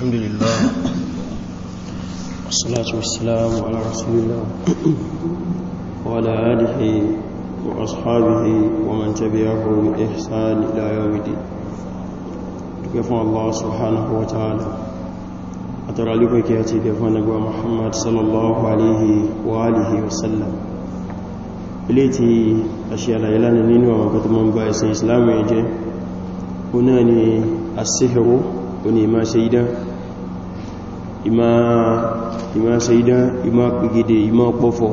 الحمد لله والصلاة والسلام على رسول الله وعلى آله وأصحابه ومن تبعه بإحسان إلى يوم الدين كفى الله سبحانه وتعالى أترى لك كياتي كفى نبوى محمد صلى الله عليه وآله وسلم إليتي أشياء لا يلانا نين من كتمان بأس إسلام يجي هنا السحر ونما سيدا ìmá ṣe idán ìmá pìgìdè ìmá pọ́fọ́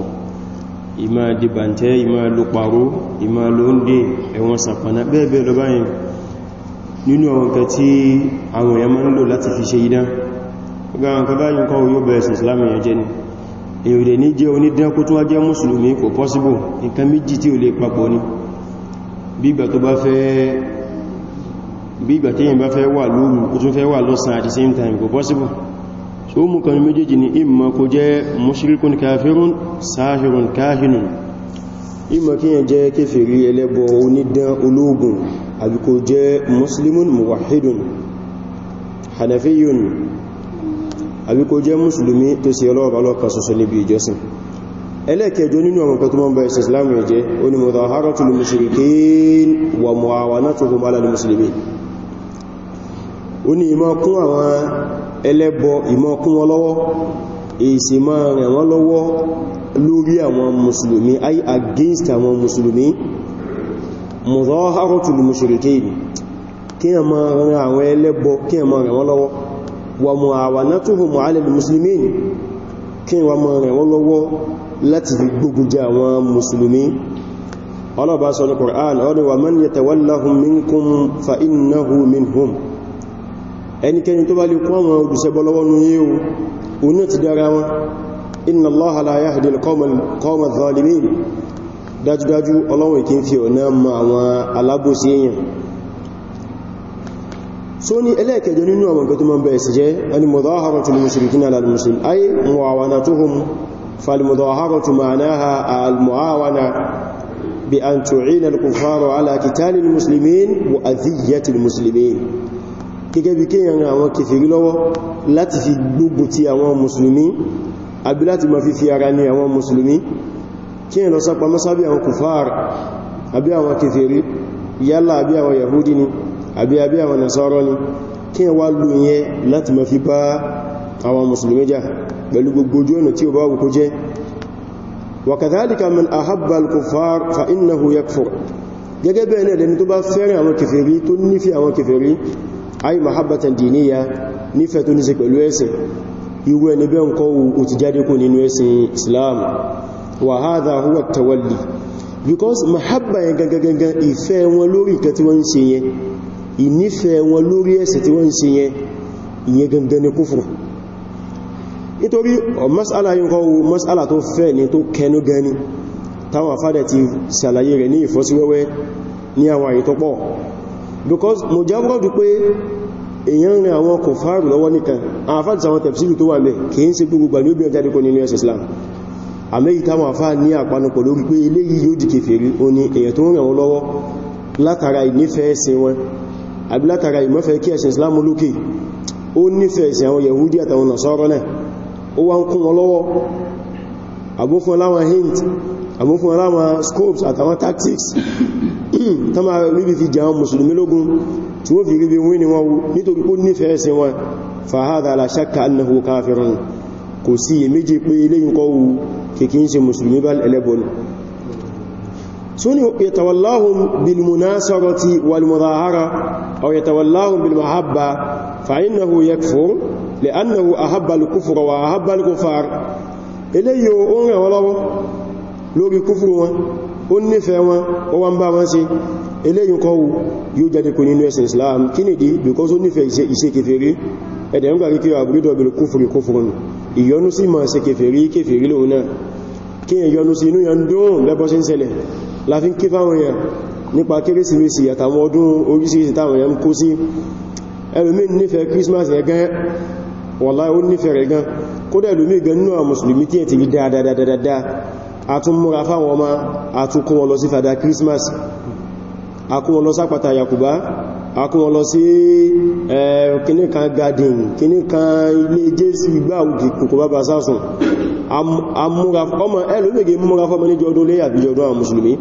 ìmá dìbàntẹ́ ìmá ló paró ìmá ló ń dè ẹ̀wọ̀n sàpànà bẹ́ẹ̀bẹ́ẹ̀ lọ báyìí nínú àwọn nǹkan tí àwọn èèyàn máa ń lò láti fi ṣe idán ọgá àwọn kan báyìí kọ́ yóò bẹ̀rẹ̀ sí islam èèyàn jẹ́ ni èyàn dẹ̀ ní jẹ́ onídán kó tó wá jẹ́ mùsùlùmí kò bí ìgbà tí èyàn bá fẹ́ wà lóru kó tún fẹ́ wà lọ́sàn at same time kò possible so mú kan méjèèjì ni imma kó jẹ́ mushrikun kafirun sahirun kahinun imma kí yẹn jẹ́ kéfèrí ẹlẹ́bọ onídán ológun àbí kó jẹ́ muslimun muwahidun hanafiyun àbí kó jẹ́ musulmi tó sì ọlọ́ọ̀bá lọ́kan ṣoṣo níbi ìjọsìn ẹlẹ́kẹjọ nínú àwọn kan tó mọ́ bá ẹ̀sẹ̀ islam yẹ jẹ́ onímọ̀dá haratul mushrikin wa muawanatuhum ala al-muslimin ó ní ìmọ̀ kún ẹlẹ́bọ ìmọ̀kún wọn lọ́wọ́ èsì máa rẹ̀ wọ́n lọ́wọ́ lórí àwọn mùsùlùmí ay against àwọn mùsùlùmí mudaharatul mushrikin kí a máa rẹ̀ àwọn ẹlẹ́bọ kí a rẹ̀ lọ́wọ́ wa muawanatuhum ala al musulmi kí a ma rẹ̀ wọ́n lọ́wọ́ láti fi àwọn mùsùlùmí ọlọ́bàá sọ ní Qur'an ọdún wa man yatawallahum minkum ẹnikẹni tó bá lè kún àwọn olùsẹ́bọ́ lọ́wọ́ ní yíò oní ti dára wọn inna Allaha la yahdi al-qawma adh-dhalimin dájúdájú ọlọ́wọ̀ ìkín fi ọ̀nà ma àwọn alábòsí èèyàn so ní ẹlẹ́ẹ̀kẹjọ nínú àwọn nǹkan tó ma bẹ̀rẹ̀ sí jẹ́ ẹni al-muslimin ay muawanatuhum فالمظاهرة معناها gẹ́gẹ́ bí kéèyàn ran àwọn kèfèrí lọ́wọ́ láti fi gbógun ti àwọn mùsùlùmí àbí láti ma fi fi ara ní àwọn mùsùlùmí kéèyàn lọ sápa mọ́sábí àwọn kùfààr àbí àwọn kèfèrí yálà àbí àwọn yahudi ni àbí àbí àwọn nasọ́rọ́ ni kéèyàn wá lò yẹn láti ma fi bá àwọn mùsùlùmí jà pẹ̀lú gbogbo ojú ọ̀nà tí ó bá wù kó jẹ́ وكذلك gẹ́gẹ́ bẹ́ẹ̀ ní ẹ̀lẹ́ni tó bá fẹ́ràn àwọn kèfèrí tó nífẹ̀ẹ́ àwọn kèfèrí ayi mahabbatan diniya nífẹ̀ẹ́ tó ní ṣe pẹ̀lú ẹ̀sìn irú ẹni bẹ́ ń kọ́ jáde kó nínú ẹ̀sìn islam wa hadha huwa tawalli because mahabba yẹn gangangangan ìfẹ́ wọn lórí ìkẹ́ tí wọ́n ń ṣe yẹn ìnífẹ́ wọn lórí ẹ̀sìn tí wọ́n ń ṣe yẹn ìyẹn gangan ni kúfùrù nítorí mas'ala yìí kọ́ mas'ala tó fẹ́ ni tó kẹnu gani táwọn afádẹ̀ ti ṣàlàyé rẹ̀ ní ìfọ́síwẹ́wẹ́ ní àwọn àyè because mo jábọ́dù pé èyàn rìn àwọn kò fàárù lọ́wọ́ nìkan àfáàtì àwọn tẹ̀fsílù tó wà mẹ́ kìí ṣe gbogbo gbà ní obìnrin jáde kò ní ilẹ̀ Islam àmẹ́yí táwọn àfáà ní àpanupọ̀ lórí pé eléyìí yóò di kèfèrí o ni èyàn tó rìn àwọn lọ́wọ́ látara ìnífẹ́ ẹ̀sìn wọn àbí látara ìmọ́fẹ́ kí ẹ̀sìn Islam lókè ó nífẹ̀ẹ́ ẹ̀sìn àwọn Yahudi àtàwọn Nasọ́rọ́ náà ó wá ń kún wọn lọ́wọ́ àbúfún láwọn hint àbúfún láwọn scopes àtàwọn tactics tó máa ríbi fi jẹ àwọn mùsùlùmí lógún tí ó fi ríbi wí ni wọ́n nítorí pó nífẹ̀ẹ́ sí wọn fàhádà aláṣákà annahu káfirun kò sí méjì pé iléyìn kọwù kìkí ń ṣe mùsùlùmí bá ẹlẹ́bọn suni yatawallahum bil munasarati wal mudahara lórí kúfùrù wọn ó nífẹ̀ẹ́ wọn ó wá ń bá wọn ṣe eléyìn kan yóò jáde kò nínú ẹ̀sìn Islam kí nìdí because ó nífẹ̀ẹ́ ìṣe kèfèrí ẹ̀dẹ̀ ń gbàrí kí àbúrídọ̀ bèèrè kúfùrù kúfùrù ìyọnú sí ma ṣe kèfèrí kèfèrí lóhun náà kí ìyọnú sí inú yàn dùn lẹ́bọ́ sí ń ṣẹlẹ̀ láfin kí fáwọn èèyàn nípa kérésìmesì àtàwọn ọdún oríṣiríṣi táwọn èèyàn kó sí ẹlòmíì nífẹ̀ẹ́ Christmas yẹn gan wàláì ó nífẹ̀ẹ́ rẹ̀ gan kódà ẹlòmíì gan nínú àwọn mùsùlùmí tí ẹ̀ ti rí àtún múra fáwọn ọmọ àtún wọn lọ sí fàdá Christmas akún wọn lọ sápàtà Yakuba akún wọn lọ sí kìníkan garden kìníkan ilé jésì igbá òkè kòkò bàbá sásùn ọmọ ẹlòmígé múra fọ́mọ ní jọdún lé àbíjọdún àwọn mùsùlùmí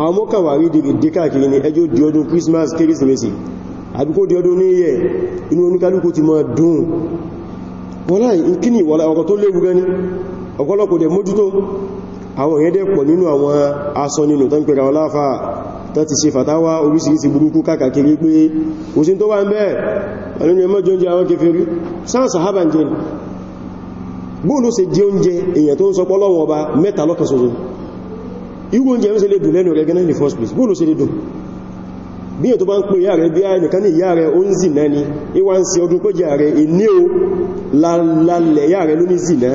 àwọn mọ́kànwà rí dìdì káàkiri ní Christmas kérésìmesì àbíkó di ọdún ní yẹ inú oníkálùkù ti mọ́ dùn wọ́n láì kí ọkọ̀ tó léwu gẹ́ni ọ̀pọ̀lọpọ̀ dẹ̀ mójútó àwọn èyẹ́ dẹ̀ pọ̀ nínú àwọn aṣọ nínú tán pẹ̀rẹ̀ ọláfà tó ti ṣe fàtàwà oríṣìíríṣìí burúkú kákàkiri pé òsìn tó wà ń bẹ́ẹ̀ alóní ẹmọ́ jẹ́ oúnjẹ àwọn kèfèrí sáà sàhábà ń jẹ́ bóòlù ṣe jẹ oúnjẹ èyàn tó ń sọ pọ́lọ́wọ́ ọba mẹ́ta lọ́kan ṣoṣo irú oúnjẹ mẹ́sẹ̀ lè dùn lẹ́nu rẹ̀ gẹ́nà ní bá ń pè ìyá rẹ̀ bí i nìkan ní ìyá rẹ̀ ó ń zì náà ni ìwà ń ṣe ọdún pé ìyá rẹ̀ ìní o lálẹ̀ ìyá rẹ̀ ló ní zì náà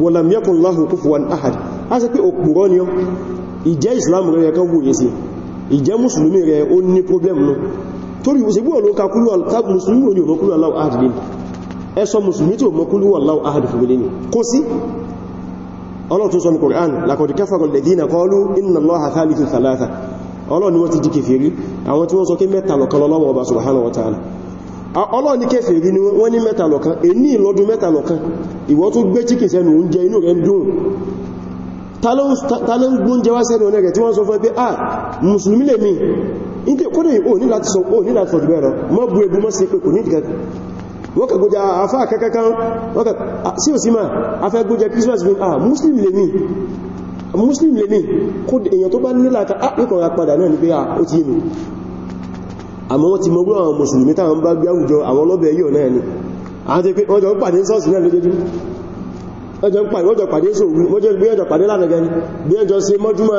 walam yakun lahu kufuwan ahad a sọ pé òpùrọ́ ni ọ ìjẹ́ islam rẹ̀ kan wòye sí ìjẹ́ musulmi rẹ̀ o ní problem o torí òsìgbò ló ka kúrú alkab musulmi o ní ọmọ kúrú aláwọ̀ ahad lẹ́nu ẹsọ musulmi tí o kúrú aláwọ̀ ahad fún lẹ́nu kó sí ọlọ́tún sọ ní Qur'an laqad kafara alladhina qalu inna allaha thalithu thalatha ọlọ́ ni wọ́n ti di kèfèrí àwọn tí wọ́n sọ kí mẹ́ta lọ́kan lọ́wọ́ ọba subhanahu wa ta'ala ọlọ́run ní kèfèrí ni wọ́n ní mẹ́ta lọ́kan èní ìlọ́dún mẹ́ta lọ́kan ìwọ tún gbé chicken sẹ́nu oúnjẹ inú rẹ̀ dùn ta ló ń gbóúnjẹ wá sẹ́nu ọ̀nà rẹ̀ tí wọ́n sọ fún pé ah mùsùlùmí lè mi ní kó ní ò ní láti sọ ò ní láti fọ̀jú bẹ́ẹ̀ lọ mọ́ bu ebu mọ́ sí pé kò ní ìdíkẹ́ wọ́n kà gbójá afá kankan sí ò sí máa afẹ́ gbójá Christmas bin ah muslim lè mi èèyàn tó bá nílà ká á padà náà ní pé ah ó ti yé mi àmọ́ wọ́n ti mọ̀ gbọ́ àwọn mùsùlùmí táwọn bá gbé àwùjọ àwọn ọlọ́bẹ̀ yíò náà ni àti pé wọ́n jọ ń pàdé sọ́ọ̀sì náà lójójú wọ́n jọ pàdé sóòwú wọ́n jọ gbé ẹjọ pàdé lánàá gẹni bí mọ́júmọ́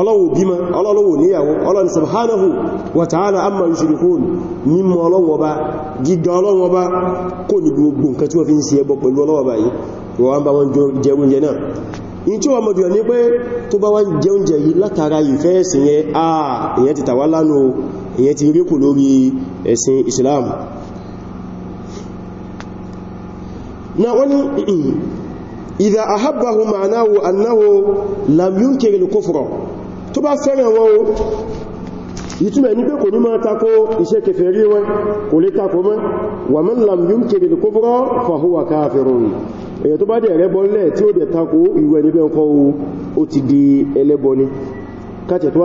ọlọ́wọ̀ bímọ ọlọ́wọ̀ níyàwó ọlọ́ni subhanahu wa ta'ala amma yushrikun mímọ̀ ọlọ́wọ̀ bá gíga ọlọ́wọ̀ bá kò ní gbogbo nǹkan tí wọ́n fi ń ṣe ẹbọ pẹ̀lú ọlọ́wọ̀ báyìí wọ́n bá wọn jẹun jẹ náà in tí wọ́n mọ̀ jùlọ ní pé tó bá wọ́n jẹun jẹ yìí látara ìfẹ́ ẹ̀sìn bá sẹ́rẹ̀ wọn o ìtumẹ̀ ní pé kò ní máa takò iṣẹ́ kèfèrí wọn kò lè takò mọ́ wa man lam yunkiri al-kubra fa huwa kafirun èyàn tó bá dẹ̀ ẹlẹ́bọ lẹ̀ tí ó dẹ̀ takò ìwẹ̀ níbẹ̀ ń kọ́ ó ti di ẹlẹ́bọ ni káàkiri tó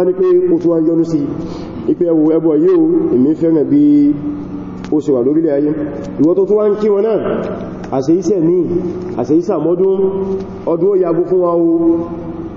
wá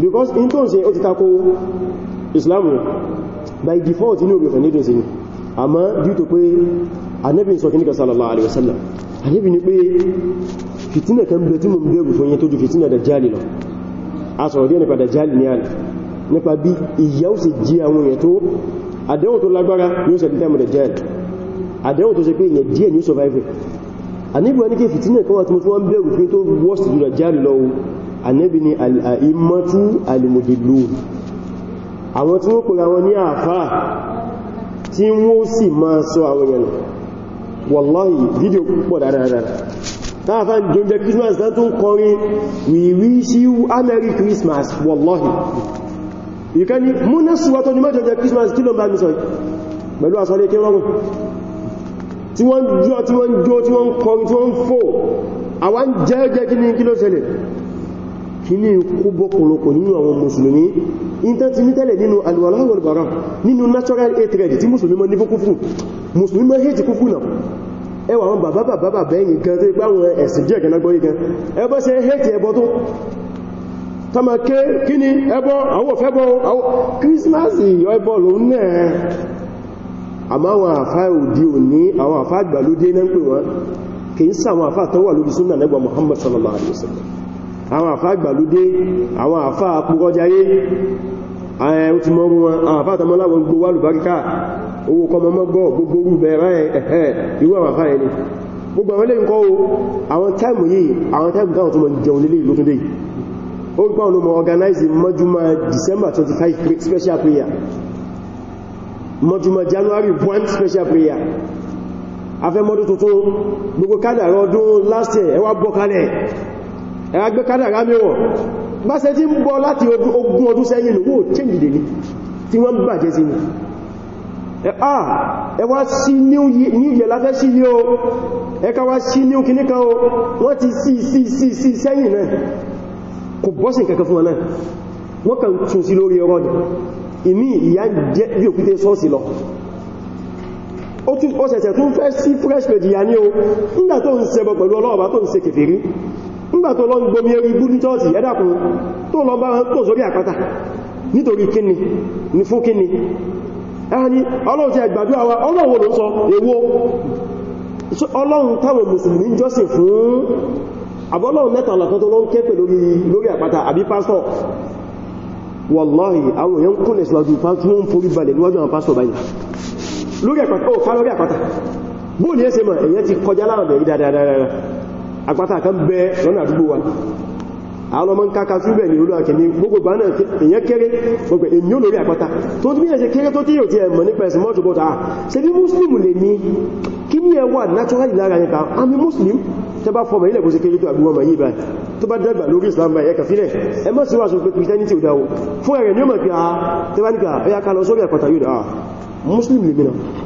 because in tó ń ṣe Islam by default inú obìnrin ní ìdínsẹ̀ ni Ama due to pé anẹ́bìn sọ kíníkà sallallahu alaihi wasallam anẹ́bì ni pé fìtínà kan bẹ̀ tí mo bẹ̀rù fún yẹn tó ju fìtínà Dajjal lọ a sọ̀rọ̀ díẹ̀ nípa Dajjal ní àná nípa bí ìyà ó sì jí àwọn èèyàn tó àdéhùn tó lágbára ní ó sẹ̀ dìtẹ́mù Dajjal àdéhùn tó ṣe pé èèyàn díẹ̀ ní ó survive anẹ́bì wọn ní kí fìtínà kan wà tí mo tún wọ́n bẹ̀rù fún tó worst jù Dajjal lọ annabi ni al'a'immatu al-mudillun àwọn tí wọ́n pèrè àwọn ní àfá tí wọ́n sì máa sọ àwọn yẹn wallahi fídíò púpọ̀ dáadáa káàfà jẹ́ christmas náà tún kọrin we wish you a merry christmas wallahi ìkẹ́ ni múnà síwátọ́ ní mẹ́jọ jẹ́ christmas kí ló bá mi sọ pẹ̀lú àsọlé kí wọ́n tí wọ́n jó tí wọ́n jó tí wọ́n kọrin tí wọ́n fò àwọn jẹ́ jẹ́ kí ní kí ló ṣẹlẹ̀ kíní kó bọ́pọ̀lọpọ̀ nínú àwọn mùsùlùmí ìntàn ti ní tẹ́lẹ̀ nínú alwalawalbara nínú natural hatred tí musulmi mọ́ ní fún kúfù Musulmi mọ́ hate kúfù náà ẹwà àwọn bàbá bàbá bàbá ẹ̀yìn gan tó ipá àwọn ẹ̀sìn díẹ̀ gan agbóyí gan ẹbọ́ hate ẹbọ tó tọ́mà ké kí ni ẹbọ àwọn òfẹ́bọ àwọn Christmas ìyọ ẹbọ kìí sáwọn Muhammad sallallahu alaihi wasallam àwọn àfá àgbàlódé àwọn àfá àpúrọ́jáyé ó ti mọ́rún wọn àwọn àfá àtàmọ́láwọ̀ gbogbo wà lùbáríkà owó kọmọmọ́gọ́ gbogbo rú bẹ̀rẹ̀ ẹ̀ẹ́ irú àwọn àfá ẹni gbogbo àwọn eléyìn kọ́ àwọn táìmù yìí àwọn táìmù special prayer mọ́júmọ́ January 1 special prayer afẹ́mọ́dún tuntun gbogbo kádàrọ̀ ọdún last year ẹwà bọ́kalẹ̀ ẹ̀rá gbé kádàrá mẹ́wọ̀n bá ṣe tí ń bọ́ láti ogún ọdún sẹ́yìn lówó chẹ́mìdè ní tí wọ́n bàjẹ́ sí ni ẹwà sí ní ìyẹ̀ láfẹ́ sí ní o ẹka wá sí ní òkè níkan o wọ́n ti sí sí sí sí sẹ́yìn náà kò bọ́sìn kankan fún wọn náà wọ́n kàn tún sí lórí ọrọ̀ lọ o nígbà tó lọ ń gbomi ẹrù ibú ní chọ́ọ̀sì ẹ́dàkùn tó lọ bá wọn tó sórí àpáta nítorí kíni ní fún kíni ẹni ọlọ́run ti ẹgbàdú àwa ọlọ́run ló sọ èwo ọlọ́run táwọn mùsùlùmí jọ́sìn fún àbọ́lọ́run mẹ́ta ọ̀làkan tó lọ ń képe lórí àpáta àbí pásọ̀ wallahi àwọn èèyàn kúnlẹ̀ síwájú pásọ̀ ń forí balẹ̀ àpáta kan bẹ lọ́nà àdúgbò wa àwọn ọmọ ń káka súbẹ̀ ní olú àkìní gbogbo bá náà èyàn kéré gbogbo èyàn lórí àpáta tó tí bí ẹ̀ṣẹ̀ kéré tó tí yóò ti ẹ̀mọ̀ nípa ẹ̀sìn mọ́jú bọ́ta ṣe bí muslim lè ní kí ní ẹwà naturally lára nípa àmì muslim tẹ bá fọmọ̀ ilẹ̀ kò sí kéré tó àgbúwọ mọ̀ yìí báyìí tó bá dàgbà lórí islam báyìí ẹka fílẹ̀ ẹ mọ́ sí wáṣọ pé christianity ò dáwó fún ẹ̀rẹ̀ ah, ah, ah,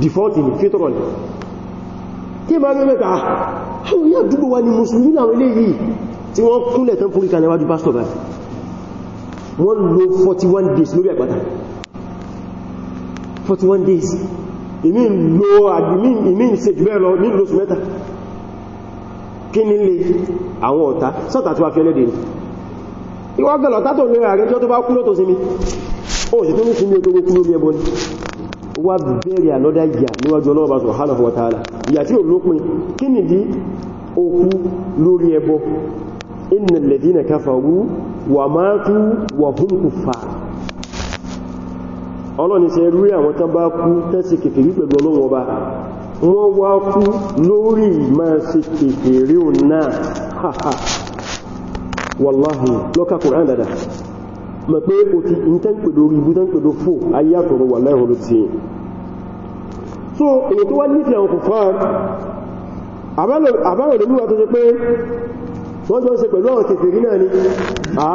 default in fitron tí ma rí mẹ́ta àwọn yà dúgbò wa ni musulmi láwọn ilé yìí tí wọ́n kúnlẹ̀ tán fúríkà níwájú pásítọ̀ báyìí wọ́n lo 41 days lórí àgbàtà 41 days ìmí lo ìmí ìṣe jù bẹ́ẹ̀ lọ ní lóṣù mẹ́ta kí ní lè àwọn ọ̀tá sọ́tà tí wá fi ẹlẹ́dẹ̀ ìwọ́gẹ̀lọ̀ tátò lórí ààrẹ tí ó tó bá kúrò tó sí mi ó sì tó ní sí mi ó tó kúrò ní ẹbọn wá bẹ̀rẹ̀ another year níwájú ọlọ́ọ̀bá subhanahu wa ta'ala ìyà tí ò lópin kí nìdí okú lórí ẹbọ innal ladhina kafaru wa matu wa hum kuffar ọlọ́ni ṣe rí àwọn tán kú tẹ́sí kèfèrí pẹ̀lú ọlọ́wọ́ bá wọ́n wá kú lórí máa ṣe kèfèrí ò náà wallahi lọ́ka Kùránì dáadáa mọ̀ pé o ti ń tẹ́ so èyí tó wá nífẹ̀ẹ́ àwọn kòfàr àbárò lórí wa tó ṣe pé wọ́n jọ ṣe pẹ̀lú àwọn kèfèrí náà ni a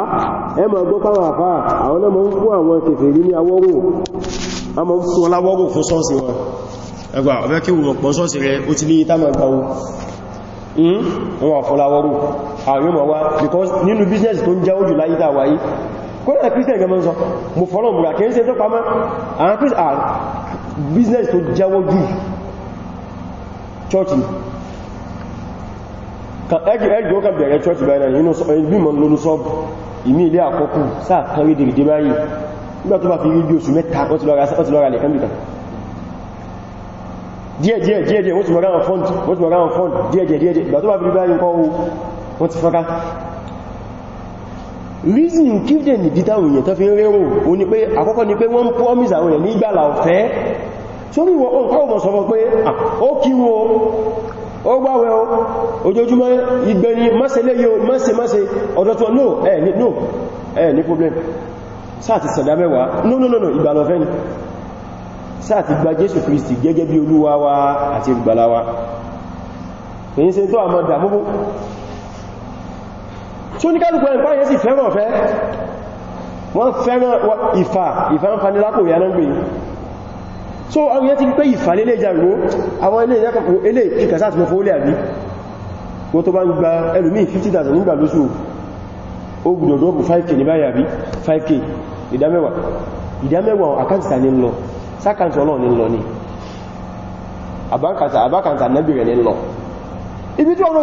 ẹmọ ọgbọ́ pàwà àfà àwọn náà mọ́ ń fún àwọn kèfèrí ní awọ́rò a mọ́ fún ọláwọ́rò fún sọ́ọ̀sì wọn ẹgbà ọ̀fẹ́ kí wọ́n pọ̀ sọ́ọ̀sì rẹ̀ ó ti ní ìtàmà ìgbàwó hmm? wọn fọ́láwọ́rò àwọn yóò mọ̀ wá because nínú business tó ń jáwó jù láyé tàwáyé kó náà kírísẹ̀ gẹ́mọ́ sọ mo fọ́lọ̀ mùra kẹ́ ń ṣe tó pamọ́ àwọn kírísẹ̀ business tó jáwọ́ jù church ẹgbẹ̀ ó kà bẹ̀rẹ̀ church báyìí náà inú ìgbìmọ̀ lónú sọ́bù ìmí ilé àkọ́kù sáà kan rí dèrèdè báyìí nígbà tó bá fi rí bí oṣù mẹ́ta wọ́n ti lọ́ra lẹ̀kán bìkan díẹ̀díẹ̀díẹ̀ wọ́n ti mọ̀rá wọn fọ́nd díẹ̀díẹ̀díẹ̀ reason give them the data èèyàn tó fi ń rẹ́rùn o ní pé àkọ́kọ́ ni pé wọ́n promise àwọn èèyàn ní ìgbàlà ọ̀fẹ́ sórí ìwọ̀n nǹkan ọmọ sọ fún pé ó kí wo ó gbáwẹ́ o ojoojúmọ́ ìgbẹ̀ni mọ́sẹ̀lẹ́ yóò mọ́sẹ̀ mọ́sẹ̀ ọ̀dọ̀ tó no ẹ̀ ní no ẹ̀ ní problem sáà ti sẹ̀dá mẹ́wàá no no no no ìgbàlà ọ̀fẹ́ ni sáà ti gba Jésù Kristi gẹ́gẹ́ bí olúwa wa àti ìgbàlà wa kìí ṣe tó àmọ́ dàmúgbò tí ó ní kálùkù ẹ̀kọ́ yẹn sì fẹ́ràn ọ̀fẹ́ wọ́n fẹ́ràn ìfà ìfà ń fanilápò yẹn náà gbé so àwọn yẹn ti pé ìfà lélẹ̀ ìjàgbó àwọn ilé ìyàkọ̀kọ̀ ilé ìkàsá àti mọ́fọ́ olè àbí wọ́n tó bá ń gba ẹlùmí 50,000 nígbà lóṣù ó gbùdọ̀dọ̀ ọkù 5k ní báyìí àbí 5k ìdámẹ́wàá ìdámẹ́wàá àkáǹtà ní lọ sákàǹtà ọlọ́ọ̀ ní lọ ní àbákàǹtà nẹ́bìrẹ̀ ní lọ ibi tí ọlọ́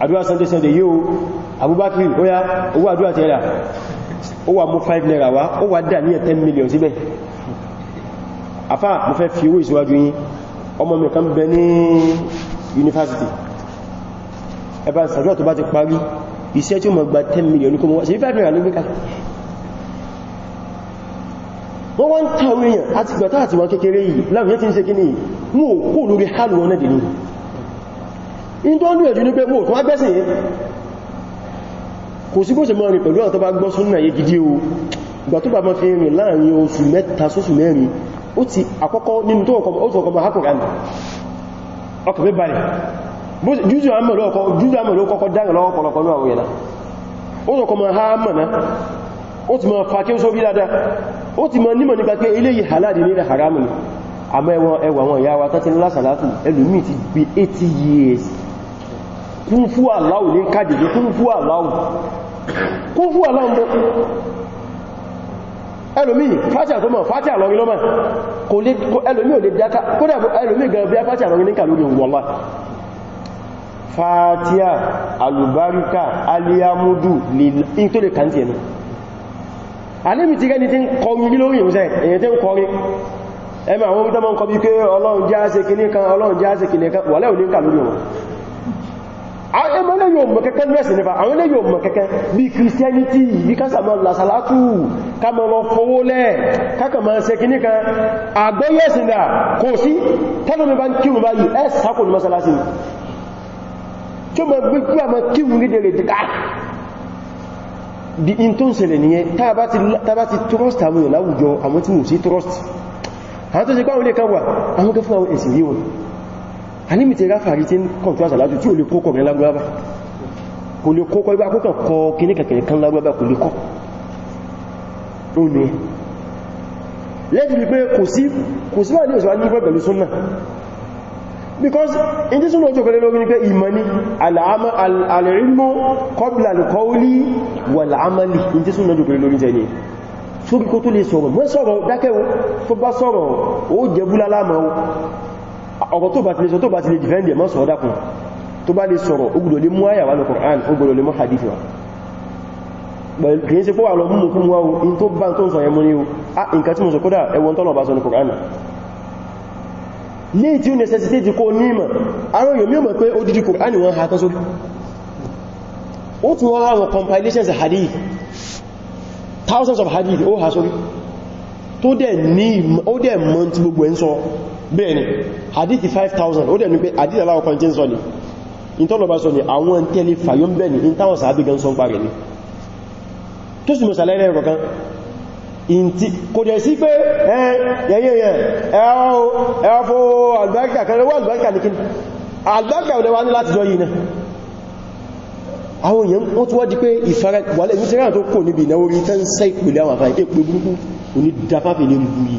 àdúrà sunday sunday yíò abubakar ó yá owó àdúrà tẹ́lá ó wà mú 5 naira wá ó wà dà ní 10 million síbẹ̀ afá mo fẹ́ fi owó ìsíwájú yín ọmọ mi kan bẹ ní yunifásitì ẹbá sàdúrà tó bá ti parí iṣẹ́ tí ó mọ̀ gba 10 million ní kó mọ́ sí 5 naira ló gbé kalẹ̀ wọ́n wá ń tàwé èèyàn àti gbàtà àti wọn kékeré yìí láwọn yẹ́ ti ń ṣe kí ní mú òkú lórí hálù wọn náà dì ní in tó ń dúrẹ̀ jù ní pé mò tó wá gbẹ́sìn yìí kò sí bó ṣe pẹ̀lú àwọn gbọ́ súnnà gidi o gbà tó bá máa fi rìn láàrin oṣù mẹ́ta sóṣù mẹ́rin ó ti àkọ́kọ́ ó ma dáadáa ó ti ma nímọ̀ nípa pé ní àmọ́ ẹwà wọn lásàlátù ẹlùmí ti gbé kúfú aláwù ní kàdìdì kúfú aláwù kúfú aláwù mọ́ ẹlòmí fàtí àtọ́mọ̀ fàtí àlọ́rí lọ́mà kò lè ẹlòmí ò lè dáka kódà ẹlòmí gan bí fàtí àlọ́rí ní kàlórí wọ́lá fàtí àlùbáríkà aliyamudu ní tó lè kàntì ẹnu alẹ́mì ti gẹ́ni tí ń kọrin lórí ìrúsẹ́ èyàn tí ń kọrin ẹmà àwọn orí tọ́mọ́ ń kọ bí pé ọlọ́run jẹ́ àṣekì nìkan ọlọ́run wọ́lẹ́ òní ń wọn ẹmọ ilé yóò mọ̀ kẹ́kẹ́ mẹ́sì nípa àwọn ilé yóò mọ̀ kẹ́kẹ́ bí christianity bí kásàmọ́ lásàlátù kàmọ̀lọ fowólẹ̀ kákàmọ̀ ṣe kì níkan àgbọ́yẹ̀sì náà kò sí tẹ́lọ̀mí bá ń kírun báyìí ẹ́ sàkò ní mọ́sálásí tí ó mọ̀ gbé kí àmọ́ kírun lédè rẹ̀ dìkà di in tó ń ṣẹlẹ̀ nìyẹn tàbá ti trust àwọn ìlàwùjọ àwọn tí wọ́n sí trust àwọn tó ṣe pàwọn ilé kan wà àwọn kẹfún àwọn ẹ̀sìn yíwọn a ní mìtẹ̀ ráfàrí tí ń kàn tó àṣàlájú tí ò lè kókọ̀ rẹ̀ lágbàbà kò lè kókọ̀ ibá kókàn kọ kíní kẹ̀kẹ̀rẹ̀ kan lágbàbà kò lè kọ́ ó ní lẹ́gbìí pé kò sí wà ní òṣèwà nígbà pẹ̀lú súnnà because in this one jokele lórí pé imani al'ama al'ilmu qabla al-qawli wal 'amali in this one jokele lórí je ni so kí kó tó lè sọ̀rọ̀ mo sọ̀rọ̀ dákẹ́ o tó bá sọ̀rọ̀ o jẹ bulala ma o ọ̀rọ̀ tó bá ti lè sọ tó bá ti lè dìfẹ́ndì ẹ̀mọ́ sọ dákùn tó bá lè sọ̀rọ̀ ó gbọ́dọ̀ lè mú àyà wà ní Kùránì ó gbọ́dọ̀ lè mú hadith wa kìí ṣe pọ́wà lọ mú mú fún wá o in tó bá tó ń sọ yẹmú ní o a nǹkan tí mo sọ kódà ẹwọ́n tọ́lọ̀ bá sọ ní Kùránì ní tí ó necessity ti kó nímọ̀ arọ́ yóò mímọ̀ pé ó dídí Kùránì wọn ha kán ó tún wọ́n àwọn compilations hadith thousands of hadith ó ha sókè tó dẹ̀ ní ó dẹ̀ mọ́ tí gbogbo ẹ̀ ń sọ bẹ́ẹ̀ ni hadithi 5000 ó dẹ̀ ní pé hadithi aláwọ̀kan tí ń sọ ni ìtọ́lọ̀bá sọ ni àwọn tẹ́lẹ̀ fàyọ́m bẹ́ẹ̀ ni ìtàwọn sàábí gan sọ ń parí ni tó sì mọ̀sàlẹ̀ ẹ̀rẹ́ kọ̀kan kò dẹ̀ sí pé ẹ̀yẹ̀yẹ̀ ẹ̀fọ́ àgbáríkà kan lọ́wọ́ àgbáríkà ní kí àgbáríkà ò lẹ́wà ní láti jọ yìí náà àwọn èèyàn wọ́n tí wọ́n di pé ìfẹ́rẹ́ wọlé ní tí rán tó kò níbi ìnáwó rí tán sẹ́ ìpìlẹ̀ àwọn àfáà ìpè burúkú òní dáfáfì ní gbúrú yìí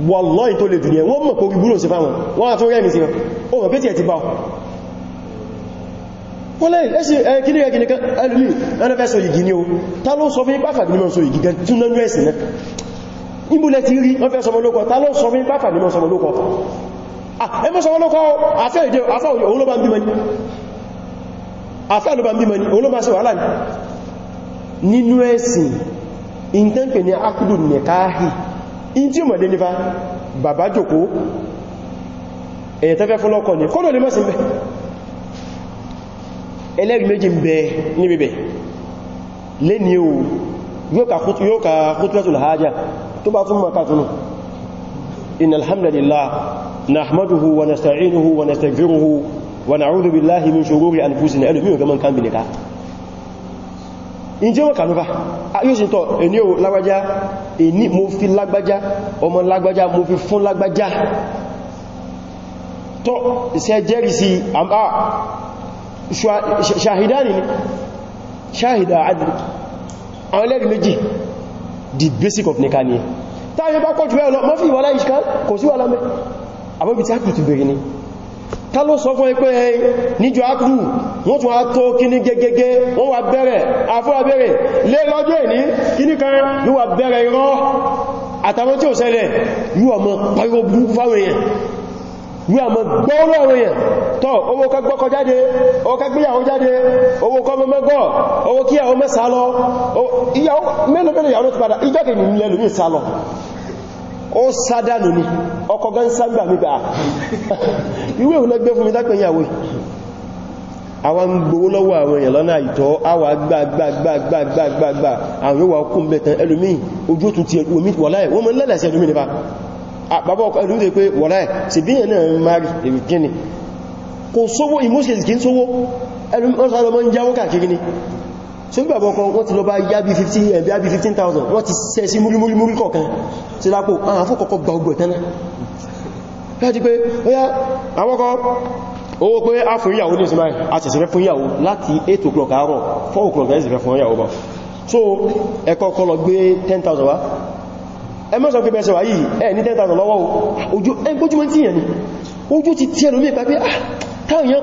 wallahi tó lè dùnìyàn wọ́n mọ̀ kò rí búrò sí fáwọn wọ́n àtún rẹ̀ nìsí wọn o mọ̀ pé tí ẹ̀ ti bá wọ́n lẹ́yìn ẹ̀ṣì ẹ̀kìní rẹ̀ gìnìkan ẹlùmí ẹnẹ́fẹ́ sọ ìgì ní o ta ló sọ fún ipáfà nínú sọ ìgì gan tún lẹ́nu ẹ̀sìn náà níbúlẹ̀ ti rí wọ́n fẹ́ sọmọlókọ ta ló sọ fún ipáfà nínú sọmọlókọ ah, ẹmọ́ sọmọlókọ afẹ́ ìdẹ́ afẹ́ òun ló bá ń bí mẹ́ni afẹ́ ló bá ń bí mẹ́ni òun ló bá ṣe wàhálà nínú ẹ̀sìn ìntẹ́ǹpẹ̀ ni akúdù nìkáhì in tí mọ̀dé nípa bàbá jòkó èyàn tẹ́fẹ́ fún lọ́kọ̀ ní kọ́lọ̀ lè mọ́ sí bẹ̀ ẹlẹ́rìí méjì ń bẹ níbi bẹ̀ lẹ́ni o yóò ka khutbatul hajah tó bá tún mọ̀ká túnú innal hamdalillah nahmaduhu wa nasta'inuhu wa nastaghfiruhu wa na'udhu billahi ìjẹ́ wọ́n kànúfà yóò sì tọ́ ẹni o lágbájá ẹni mo fi lágbájá ọmọ lágbájá mo fi fún lágbájá tọ́ iṣẹ́ jẹ́rì sí àmà ṣàhìdá nìí ṣàhìdá adìrí àwọn ẹlẹ́rìí méjì the basic of nìkan ni táyẹ bá kọ́ jù ẹ lọ mọ́fí ìwọ́lá ìṣkán kò sí wà lámẹ́ àbọ́bí tí a kìtù bèèrè ni ta ló sọ fún ẹgbẹ́ ẹ níjọ ápùrù wọ́n tún wá tó kíní gẹ́gẹ́gẹ́ wọ́n wá bẹ̀rẹ̀ àfúwà bẹ̀rẹ̀ lé lọ́jọ́ ìní kíní kan ní wà bẹ̀rẹ̀ irọ́ àtàwọn tí ó ṣẹlẹ̀ yíwà mọ́ pariwo burúkú fáwọn èèyàn ní àmọ́ gbọ́ọ̀rọ̀ àwọn èèyàn tọ́ owó kọgbọ́kọ jáde owó kẹgbìyàwó jáde owó kọ mọ́mọ́gọ́ owó kíyàwó mẹ́sàálọ́ ìyàwó mẹ́lẹ̀mẹ́lẹ̀ yàwó ó sádánù ní ọkọ̀ gan sáńgbà nígbà ìwé òun lẹ́gbẹ́ fún mi dápẹ́ ìyàwó àwọn gbowó lọ́wọ́ àwọn èèyàn lọ́nà àìtọ́ àwà gbàgbàgbàgbàgbà àwọn yóò wà kún bẹ̀tẹ̀ ẹlòmí ojú òtún ti ẹgbù omi wọ̀láẹ̀ wọ́n mọ́ lẹ́lẹ̀sẹ̀ ẹlòmí nípa bàbá ọkọ̀ ẹlòmí tẹ́ pé wọ̀láẹ̀ sì bí yẹn so n gbàbọ̀ kan wọ́n ti lọ bá yábí 15 ẹ̀bí yábí 15,000 wọ́n ti sẹ́ sí múrímúrímúrí kọ̀ọ̀kan sí lápò àwọn afọ́kọ̀ọ́kọ́ gba ogbò tánà láti pé ọya àwọ́kọ́ owó pé a fún ìyàwó ní ìsinmi àṣẹ̀ṣẹ̀rẹ́ fún ìyàwó láti 8 o'clock àárọ̀ 4 o'clock ẹ̀ṣẹ̀rẹ́ fún ìyàwó bá so ẹ̀kọ́ kọlọ gbé 10,000 wá ẹ mọ́ sọ pé bẹ́ẹ̀ṣẹ̀ wà yìí ẹ̀ ní 10,000 lọ́wọ́ ojú ẹgbójúmọ́ tí yẹn ni ojú ti tí ẹlòmí ìpapẹ́ ah táwọn yẹn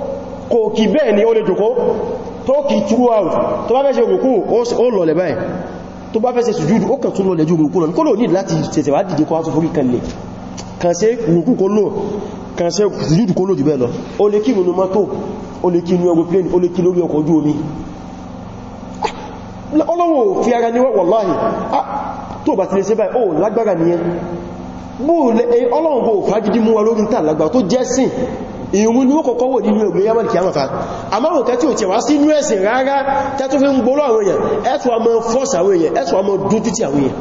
kò kì bẹ́ẹ̀ ni ó lè jòkó tó kì throughout tó bá fẹ́ ṣe rùkú ó lọlẹ̀ báyìí tó bá fẹ́ ṣe sùjúdù ó kàn tún lọlẹ̀ ju rùkú lọ kó lò ní láti tẹ̀tẹ̀ wá dìde kó wá tún forí kan lè kàn ṣe rùkú kó lò kàn ṣe sùjúdù kó lò jù bẹ́ẹ̀ lọ ó lè kí nínú mọ́tò ó lè kí ní ah, ọlọ́wọ̀ fi ara ní wọ́láhì ah, tó bá ti lè ṣe báyìí ó lágbára nìyẹn bóòlẹ̀ ọlọ́wọ̀ fagidi mú wa lórí tàà lágbára tó jẹ́sìn ìrún ní ọkọ̀kọ́ wò nínú ẹgbẹ̀ ya kí a mọ̀ká àmáwọn kẹ́ tí ò tẹ̀wá sí inú ẹ̀sìn rárá tẹ́tù fi ń gbọ́lọ́ àwọn èèyàn ẹ̀tù ọmọ fọ́ọ̀sì àwọn èèyàn ẹ̀tù ọmọ dúdú ti àwọn èèyàn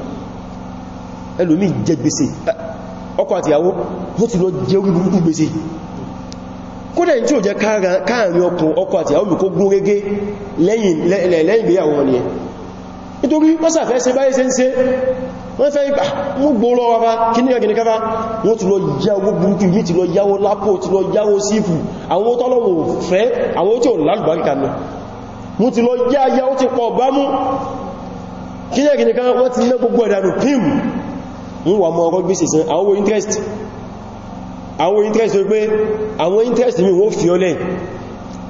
ẹlòmí jẹ gbèsè àtìyàwó ti lọ jẹ orí wọ́n fẹ́ ìgbà mú gbòòrò ọba kíníyà gini káfà wọ́n ti lọ yáwó burúkú mi ti lọ yáwó lápò ti lọ yáwó sífù àwọn tọ́lọ̀wò fẹ́ àwọn tí ó lálùbáríkà lọ wọ́n ti lọ yá yáwó ti pọ̀ bá mú kíníyà gini káfà wọ́n ti lẹ́ gbogbo ẹ̀dànù pim ń wà mọ́ ọkọ̀ gbèsè san àwọn interest àwọn interest wípé àwọn interest mi wọ́n fi ọlẹ́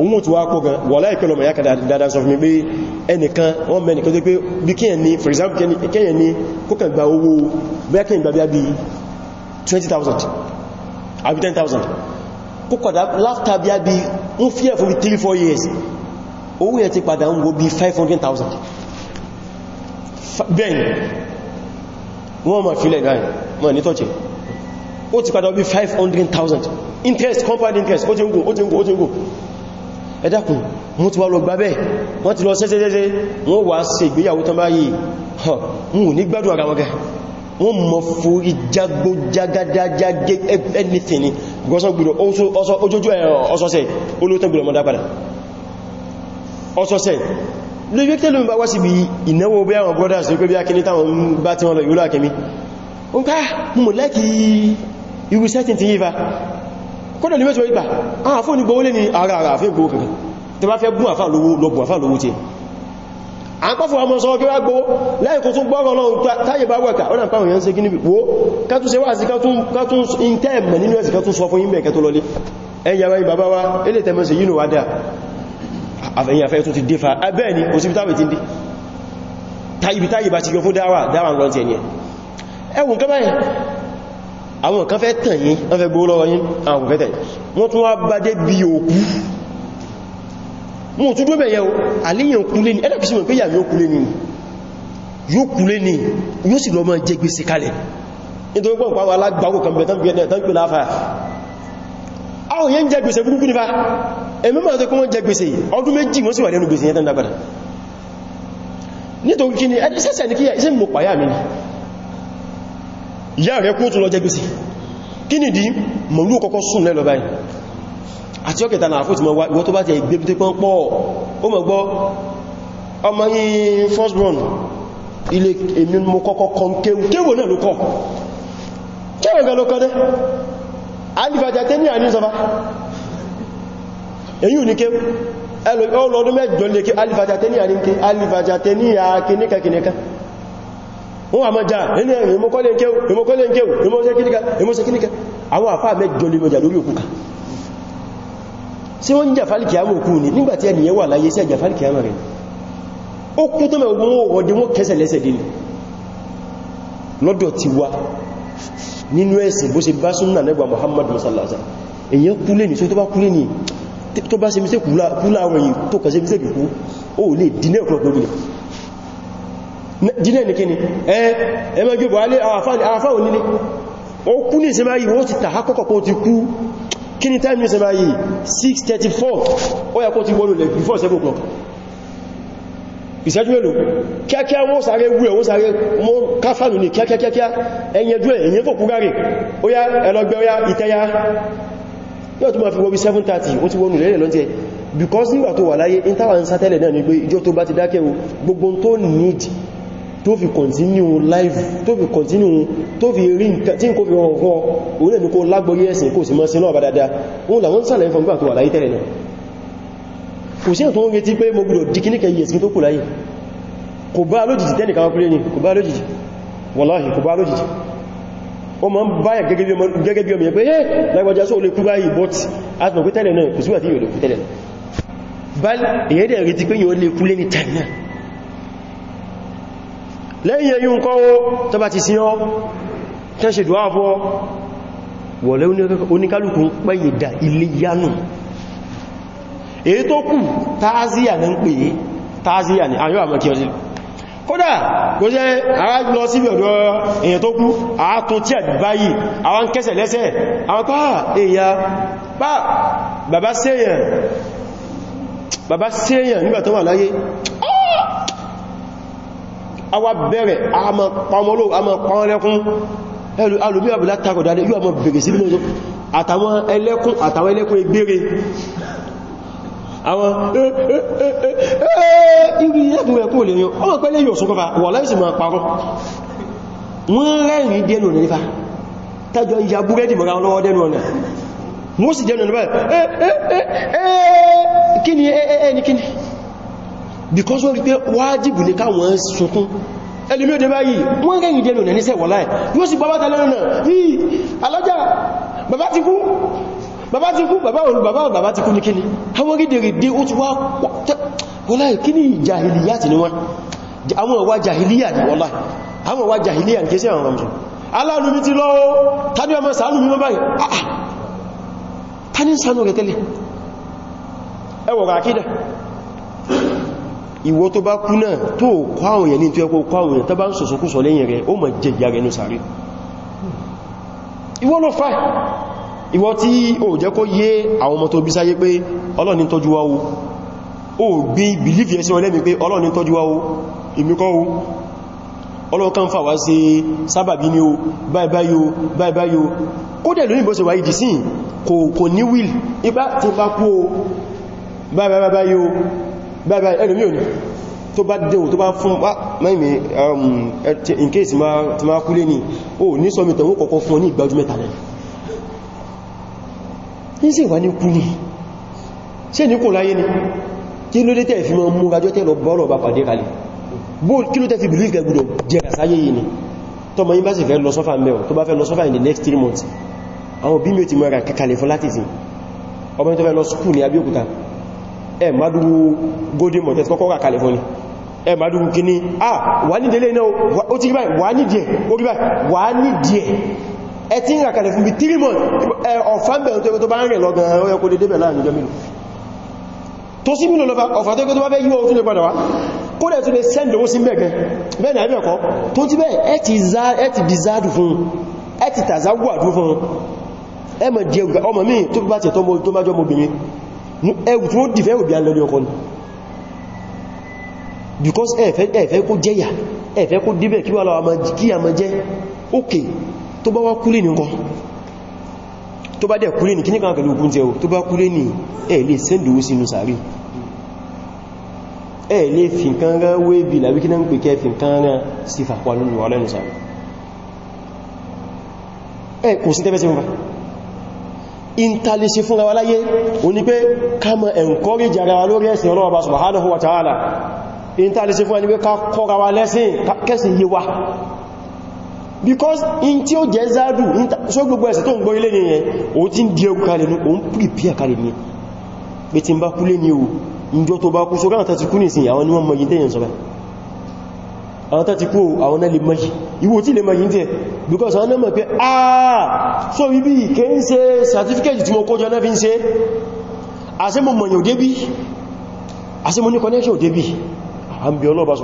òun tí wá pọ̀ gan wọ̀lá ìpẹ́lọ mẹ̀yà kan dáadáa sọ fún mi pé ẹnìkan wọ́n mẹ́ni kan tó pé bí kíyàn ní for example kíyàn ní kókàn gba owó bẹ́ẹ̀ kíyàn gba bí 20,000 àbí 10,000 kókàdá láftà bí bí ń fíẹ̀ fún bí 3-4 years owó yẹn ti padà ń wo bí 500,000 bẹ́ẹ̀ wọ́n ma fílẹ̀ gáyìn wọ́n ní tọ́jẹ̀ ó ti padà bí 500,000 interest compound interest ó ti ń gùn ó ti ń gùn ó ti ń gùn ẹ̀dàkùn mú ti wá lọ gbábẹ́ wọ́n ti lọ sẹ́sẹ́sẹ́sẹ́ wọ́n wà ṣe ìgbéyàwó tán báyìí mú ní gbádùn ara wọn gẹ́ wọ́n mọ̀ fórí jágbó jágádájágé anything gọ́sán gbùdọ̀ ojójú ọsọsẹ̀ olóòtẹ́ gbùdọ̀ mọ́dá padà ọsọsẹ̀ lórí tẹ́lú bá wá sí bí ìnáwó bí àwọn brothers ní pé bí akíní táwọn bá tí wọ́n lọ yóò láàkẹ́mí ó ń ká mú kọ́dọ̀ lè mẹ́sọ̀ ìgbà ah, àwọn fún ìgbówó lè ní ara ara àfẹ́ ìgbówó kankan tí bá fẹ́ gún àfà lówó lọ́gbùn àfà lówó tí a ń pọ́fọ́ ọmọ sọ́wọ́ kíwá gbówó lẹ́yìn kò tún gbọ́rọ̀ lọ́run táyé bá wẹ̀kà ó dàpá òyìn sí gínibì wó kátún se wá sí kátún intẹ́ẹ̀mẹ̀ nínú ẹ̀sì kátún sọ fún ìmẹ̀ kẹtọ́ lọlé ẹ̀yà wáyé bàbá wá ilé tẹ́mẹ́sẹ̀ yínú wá dáa àfẹ́yìn afẹ́ tó ti dé fa abẹ́ ah, ni òsìbítàwẹ̀ ti dé táyìbítàyì bá ti yọ fún dáwà dáwà lọ́ntẹ̀ ni ẹwùn kẹ́bẹ̀ẹ́ àwọn kan fẹ́ tàn yín wọ́n fẹ́ gbó lọ́wọ́ yín àwọn fẹ́ tàn yín wọ́n tún wá bá dé bí òkú mú tún dóbẹ̀ yẹ o àléyàn kúlé ní ẹ̀dàkì sí mọ̀ pé yà yóò kúlé ní yóò kúlé ní yóò sì lọ mọ́ jẹ gbèsè kalẹ̀ nítorí pọ̀ pàwọ́ alágbàkò kan bẹ̀ tán pè láfà àwọn yẹn jẹ gbèsè burúkú nípa ẹ̀mí máa tó kí wọ́n jẹ gbèsè ọdún méjì wọ́n sì wà lẹ́nu gbèsè yẹn tán dágbàdà nítorí kí ni ẹ̀dẹ́sẹ̀sẹ̀ ní kíyà iṣẹ́ mọ̀ pàyà mi ni ìyá rẹ̀ kú tún lọ jẹ gbèsè kí ni dí mọ̀lú kọ́kọ́ sùn lẹ́lọ báyìí àti ọkẹta náà fún ìtìmọ̀ ìwọ́n tó bá ti ẹgbẹ́ tó pọ́n pọ́ ó mọ̀ gbọ́ ọmọ yìí first born ilé èmi mú kọ́kọ́ kan kéwò náà ló kọ́ kéwò gan ló kọ́ dẹ́ alifàjá tẹ́ ní àníṣọ́fà èyí ò ní kéwò ẹlọ́dún mẹ́jọ lè ké alifàjá tẹ́ ní àníṣọ́fà alifàjá tẹ́ ní àkíníkàkíníkà wọ́n wà mọ́já nínú ẹ̀rìn ìmọ́kọ́lẹ̀ kéwù ìmọ́kọ́lẹ̀ kéwù ìmọ́sẹ̀ kíníkà àwọn àfáà mẹ́jọ lè mọ́jà lórí òkúka sí wọ́n ń jà fálìkì àmọ́ òkú ni nígbàtí ẹniyẹ wà láyé sí ẹjà fálìkì àmọ́ rẹ̀ ó kú tó mẹ́gbọ́n ọ̀dẹ́ wọ́n kẹsẹ̀ lẹ́sẹ̀ dé lọ́dọ̀ ti wá nínú ẹ̀sìn bó ṣe bá súnnà nẹ́gbà Muhammad musallasa èyàn kúlé ní tó bá kúlé ní tó bá ṣe mistake kúlá àwọn èyí tó kà ṣe mistake kú ó lè dínẹ́ ọ̀pọ̀lọpọ̀ jílẹ̀ ní kíni ẹmọ gbogbo alẹ́ àfáà onílé ó kú ní ìsinmi ayé wọ́n ti tàá kọ́kọ́ kó ti kú kí ni time ní ìsinmi ayé 6:34 ó yẹ kó ti wọ́n lè before 7 o'clock ìṣẹ́jú èlò kíákíá wọ́n sáré wú ẹ̀ wọ́n sáré mọ́ káfàánù ní kíákíákíá ẹ̀yẹjú ẹ̀ ìyẹn fò kúgárì ó yá ẹlọgbẹ́ ó yá ìtẹ́yà yóò tó máa fi wọ́bí because nígbà tó wà láyé intanet sátẹ́lẹ̀ náà ní pé ìjọ tó bá ti dákẹ́ gbogbo tó need tó fi continue life tó fi continue tó fi rí nǹkan tí n kò fi hàn fún ọ orí ẹ̀mí kó lágbórí ẹ̀sìn kò sí mọ́ sí náà bá dáadáa oun làwọn sàlẹ̀ ń fọ́nbà tó wà láyé tẹ́lẹ̀ náà kò sí ẹ̀tọ́ ń retí pé mo gbọ́dọ̀ dí kíníkẹ̀ yẹ̀ sí tó kù láyé kò bá lójijì tẹ́lẹ̀ káwọn kúrẹ́ ni kò bá lójijì wàláhì kò bá lójijì ó ma ń báyà gẹ́gẹ́ bí ọmọ lẹ́yìn èyí ń kọ́wọ́ tó bá ti sin ọ́ tẹ́ṣe dùá fọ́ wọ̀lẹ́ oníkálùkù pẹ́yìdà ilé yánù èyí tó kù tààzíyà ní ń pè é tààzíyà ní ayọ́ àmọ́ kí ọ sí kódà kò jẹ́ ara lọ sí ọ̀dọ̀ èyàn tó kú àátún tí àdì báyìí àwọn kẹsẹ̀ lẹ́sẹ̀ àwọn pàá ah, èyà pàá bàbá séèyàn nígbà láyé a wá bẹ̀rẹ̀ a ma pàmọ́lò a ma pàmọ́ lẹ́kún ẹlù alùbí àbúlá takọ̀ dáadé yóò ma bèèrè sí lóòrùn àtàwọn ẹlẹ́kún àtàwọn ẹlẹ́kún egbére àwọn ìrìn ẹ̀kùn ẹ̀kùn olè yàn ọmọ pẹ́lẹ̀ yóò sọ́kọ́fà wà láìsì ma parọ́ wọ́n rẹ̀rìn dẹnu ọ̀nà nífà tàjọ ìyà búrẹ́dì mọ́ra lọ́wọ́ dẹnu ọ̀nà wọ́n sì dẹnu ọ̀nà báyìí because wọ́n rí pé wájìbù ní káwọn sunkún ẹlùmí òde báyìí wọ́n rẹ̀yìn dẹnu nẹ̀ níṣẹ́ wọ̀láì yóò sì bàbá tẹ́lẹ̀ náà yìí alájá bàbá ti kú bàbá ti kú bàbá òun bàbá bàbá ti kú ní kíni àwọn rídèrèdè ó ti wá wọ̀láì kíni jahiliya ti ni wọ́n àwọn ọwá jahiliya ni wọ̀láì àwọn ọwá jahiliya kìí sí àwọn ọmọ aláàlùmí ti lọ́wọ́ tàbí ọmọ sàálùmí mọ́ báyìí ah ah tani sanu rẹ̀ tẹ́lẹ̀ ẹwọ̀ ràkídà ìwọ tó bá kú náà tó kọ́ àwọn èèyàn ní tó ẹkọ́ kọ́ àwọn èèyàn tó bá ń sọ̀sọ̀kúsọ lẹ́yìn rẹ̀ ó mọ̀ jẹ ìyà rẹ̀ ní sàárè ìwọ ló fà ìwọ tí ó jẹ́ kó yé àwọn ọmọ tó bí sáyé pé Ọlọ́run ni tọ́jú wa o ó gbé bìlífì ẹsẹ̀ wọn lẹ́mìí pé Ọlọ́run ni tọ́jú wa o èmi kọ́ o Ọlọ́run kan fà wá sí sábàbí ni o báibáyí o báibáyí o kó dẹ̀ lóyìnbó ṣe wáyé dìsín kò ní wíl ipá tí bá kú o báibáyí o báyìí ẹlòmí ò ní tó bá dẹ̀wò tó bá fún ah, mẹ́mí um, in case ti máa kúlé ní o ní sọmítọ̀ wó kọ̀kọ́ fún ọ ní ìgbájú mẹ́ta lẹ́ ní sí ìwà ní kú ní ṣe ní kò láyé ní kí ló dé tẹ́ fi mọ́ mú rajọ́ tẹ́ lọ bọ́ọ̀lọ̀ bá pàdé kalẹ̀ kí ló tẹ́ fi believe gẹ̀gbùdọ̀ jẹ́rà sáyé yìí ni tọ́mọ yí bá sì fẹ́ lọ sọ́fà mẹ́wọ̀ tó bá fẹ́ lọ sọ́fà in the next three months àwọn bí mi ò ti mọ́ ra kẹkàlẹ̀ fún láti sin ọmọ yí tó fẹ́ lọ school ní Abẹ́òkúta ẹ madúrú golden mortet kọ́kọ́ rà California. fún ni ẹ ah wà ní délé náà ó ti rí báyìí wà ní díẹ̀ ó rí báyìí wà ní díẹ̀ ẹ ti ń rà kalẹ̀ fún bí 3 months ẹ ọ̀fà ń bẹ̀rún tó bá ń rìn lọ́gán ó yẹ kó dédé bẹ̀ láàrin jọ mìíràn tó sí mílò lọ́fà ọ̀fà tó kó tó bá fẹ́ yíò ó tún lè padà wá kó dẹ̀ owó sí mẹ́gẹ́ bẹ́ẹ̀ náà ẹ̀bẹ̀ẹ̀kọ́ tó ti bẹ́ẹ̀ ẹ ti dìzáàdù fún ẹ ti tàzáwù fún ẹ mọ̀ ọmọ míì tó bá tẹ̀ tó bá jọ ẹwù tí wọ́n dìfẹ́ òbí alẹ́lẹ́ ọkọ ni because ẹ̀fẹ́ kó jẹ́yà ẹ̀fẹ́ kó débẹ̀ kí wà láwà kí a máa jẹ́ okay tó bá wá kúlé nìkan tó bá dẹ̀ kúlé ní kí níkan pẹ̀lú ogun o tó bá kúlé ní ẹ̀ lè sẹ́ndòwó sínú sàárì ẹ̀ lè fi nǹkan rán wébi làbí kí náà ń pè kẹ́ fi nǹkan rán sí fàpọ̀ lónìí wà lẹ́nu sàárì ẹ̀ kò sí tẹ́fẹ́ sí fún fa intalisi fúnra wa láyé o ní pé ká mọ̀ encourage ara wa lórí ẹ̀sìn Ọlọ́run Ọba subhanahu wa ta'ala intalisi fúnra ní ká kọ́ra wa lẹ́sìn kẹsìn yé wa because in tí ó jẹ́ zádù so gbogbo ẹ̀sẹ̀ tó ń gbọ́ ilé ni yẹn o ti ń di ẹgbù kalẹ̀ ní ni wọ́n mọ̀ yìí tẹ́yẹn àwọn tó ti kú àwọn náà lè mọ́yí ìwò tí lè mọ́yí tẹ́ because àwọn náà mọ̀ pé àà ah! so ibi ìké ń ṣe certificate tí mo kójọ náà fi ń ṣe àṣẹ mo mọ̀yàn òdébí àṣẹ mo ní connection òdébí àmì ọlọ́ọ̀bá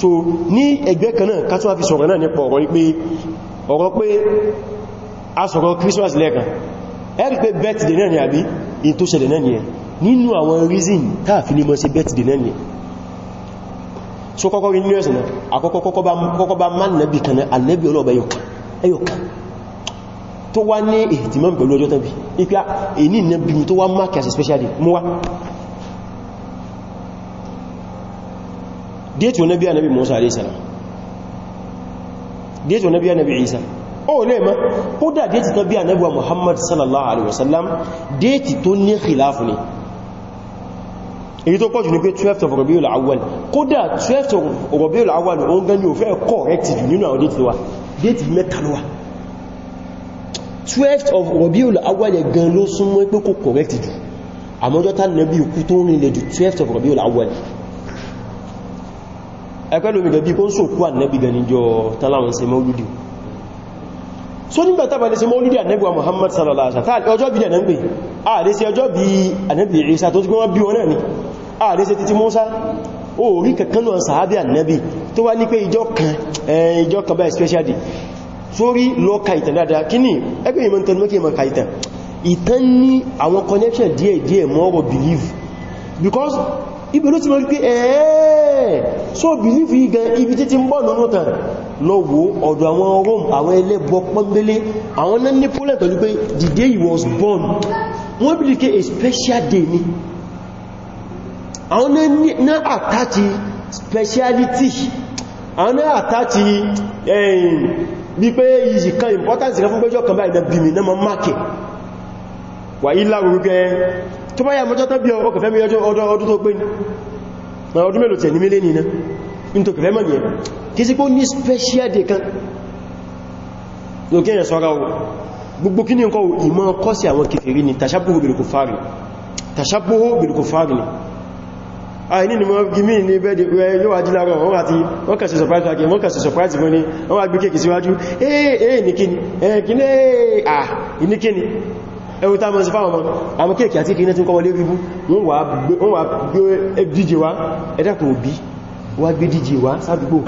so ní ẹgbẹ́ kan náà ká tún wá fi sọ̀rọ̀ náà nípa ọ̀rọ̀ Christmas lẹ́ẹ̀kan ẹ̀rí pé birthday ni àbí in tó ṣẹlẹ̀ ni nínú àwọn reason táà fi lè mọ́ sí birthday náà ni so kọ́kọ́ rí news náà àkọ́kọ́ kọ́kọ́ bá man nabi kan alẹ́bí ọlọ́ọ̀bá ẹyọkan tó wá ní ìtìmọ́ pẹ̀lú ọjọ́ tàbí ipá èní nabi tó wá mark as a special day mú wá déètì onabi anabi Musa alayhi Isa ó lè mọ́ kódà déètì tó bí anabi wa Muhammad sallallahu alaihi wasallam déètì tó ní khilafu ni èyí tó pọ̀jù ní pé 12th of Rabiul Awwal kódà 12th of Rabiul Awwal òun gan ni ò fẹ́ correct jù nínú àwọn déètì lọ́wà déètì mẹ́ta lọ́wà 12th of Rabiul Awwal gan ló súnmọ́ pé kò correct jù àmọ́jọ́ tá Nábì kú tó rinlẹ̀ jù 12th of Rabiul Awwal ẹgbẹ́ lómi gẹ̀bí kó ń sòkú Ànábì gan níjọ tàláwọn ṣe mọ́lúdì so nígbà tàbà lè ṣe mọ́lúdì Ànábì wa Muhammad sallallahu alaihi wasallam ọjọ́ bí Ànábì ààrẹ sí ọjọ́ bí Ànábì Ìsá tó ti gbọ́n bí wọn náà ni àrísẹ̀ títí Musa ó rí kankanú sàábí ànábì tó wá ní pé ìjọ kan eh, ìjọ kan báyìí special day sórí lọ kàìtàn dáadáa kí ní ẹgbẹ́ ìmọ̀ ìtàn mọ́kí ìmọ̀ kàìtàn ìtàn ní àwọn connection díẹ̀ díẹ̀ mọ́rọ̀ believe because ibẹ̀ ló ti mọ̀ pé eh, so believe yìí gan ibi títí ń bọ̀ nínú tàn lọ́wọ́ ọ̀dọ̀ àwọn Rome àwọn ẹlẹ́bọ pọ́nbélé àwọn náà ní problem the day he was born wọ́n bí lè a special day ni àwọn ní àtàtì speciality àwọn ní àtàtì ẹ̀yìn bí pé ìyí kan importance kan fún pẹ́jọ́ kan báyìí bí mi náà máàkì wà ílá rúgbẹ́ tó bá yà mọ́jọ́ tán bí ọkọ̀ fẹ́ mi ọdún tó pé ọdún mélòó tẹ̀ ní mílé nìna nítorí fẹ́ mọ̀ yẹn kí sí gbogbo kí ní nǹkan ìmọ̀ kọ́sí àwọn kèfèrí ni tàṣàbúhó bèèrè kò fáàrí àìní ni wọ́n gí mí ní bẹ́ẹ̀dẹ̀ rẹ̀ yóò wá dílára wọ́n àti wọ́n kà sí surprise wákẹ̀ wọ́n kà sí surprise fún ní wọ́n wá gbé kéèkì síwájú eéè nìkíni ẹ̀kíní àà nìkíni ẹwù táwọn sí fáwọn àwọn kéèkì àti kíní tí ń kọ́ wọlé ríbú wọ́n wá gbé díje wá ẹ̀dẹ́kùn òbí wá gbé díje wá sádùgbò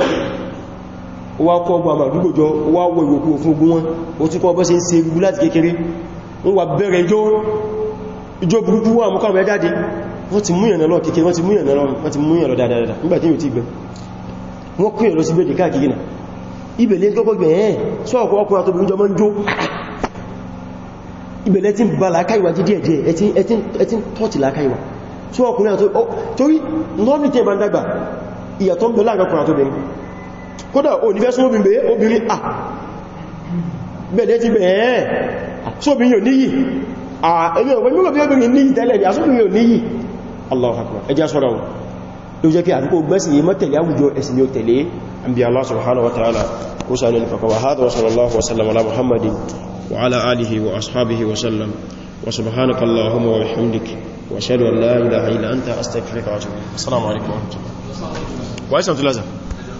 wá kọ́ ọgbà àmàdúgbò jọ wá wọ ìwòkú fún ogun wọn ó tún kọ́ bọ́ sí ń ṣe gbú láti kékeré wọ́n wá bẹ̀rẹ̀ ìjó burúkú wọn àmúkọ́ àwọn ẹjáde wọ́n ti múyàn lọ kékeré wọ́n ti múyàn lọ wọ́n ti múyàn lọ dáadáa nígbàtí yóò ti gbẹ̀ wọ́n kúyàn lọ sí bèèdè káàkiri náà ibẹ̀lẹ̀ kọ́kọ́ gbẹ̀ ẹ́ sọ́ọ̀kọ́ ọkùnrin àtọ́bí jọ mọ́ ń jó ibẹ̀lẹ̀ tí ń bá làákàíwà jí díẹ̀díẹ̀ ẹ ti ń tọ́tì làákàíwà sọ́ọ̀kùnrin àtọ́bí torí lọ́nà tẹ́ bá ń dàgbà ìyàtọ̀ ń bẹ láàrin ọkùnrin àtọ́bìnrin kódà onífẹ́sùn obìnrin obìnrin à bẹ̀lẹ̀ ti bẹ̀ẹ̀ sóbìnrin yóò níyì Allah akbar ẹjá sọ́rọ̀ wọn ló jẹ́ kí àdúgbò gbẹ́sì yí mọ́tẹ̀lé àwùjọ ẹ̀sìn yóò tẹ̀lé àbí Allah subhanahu wa ta'ala kó sàánú ìfàkọwà hádà wa sallallahu wa sallam ala muhammadin wa ala alihi wa ashabihi wa sallam wa subhanaka allahumma wa bihamdik wa ashhadu an la ilaha illa anta astaghfiruka wa atubu assalamu alaikum wa rahmatullahi wa barakatuh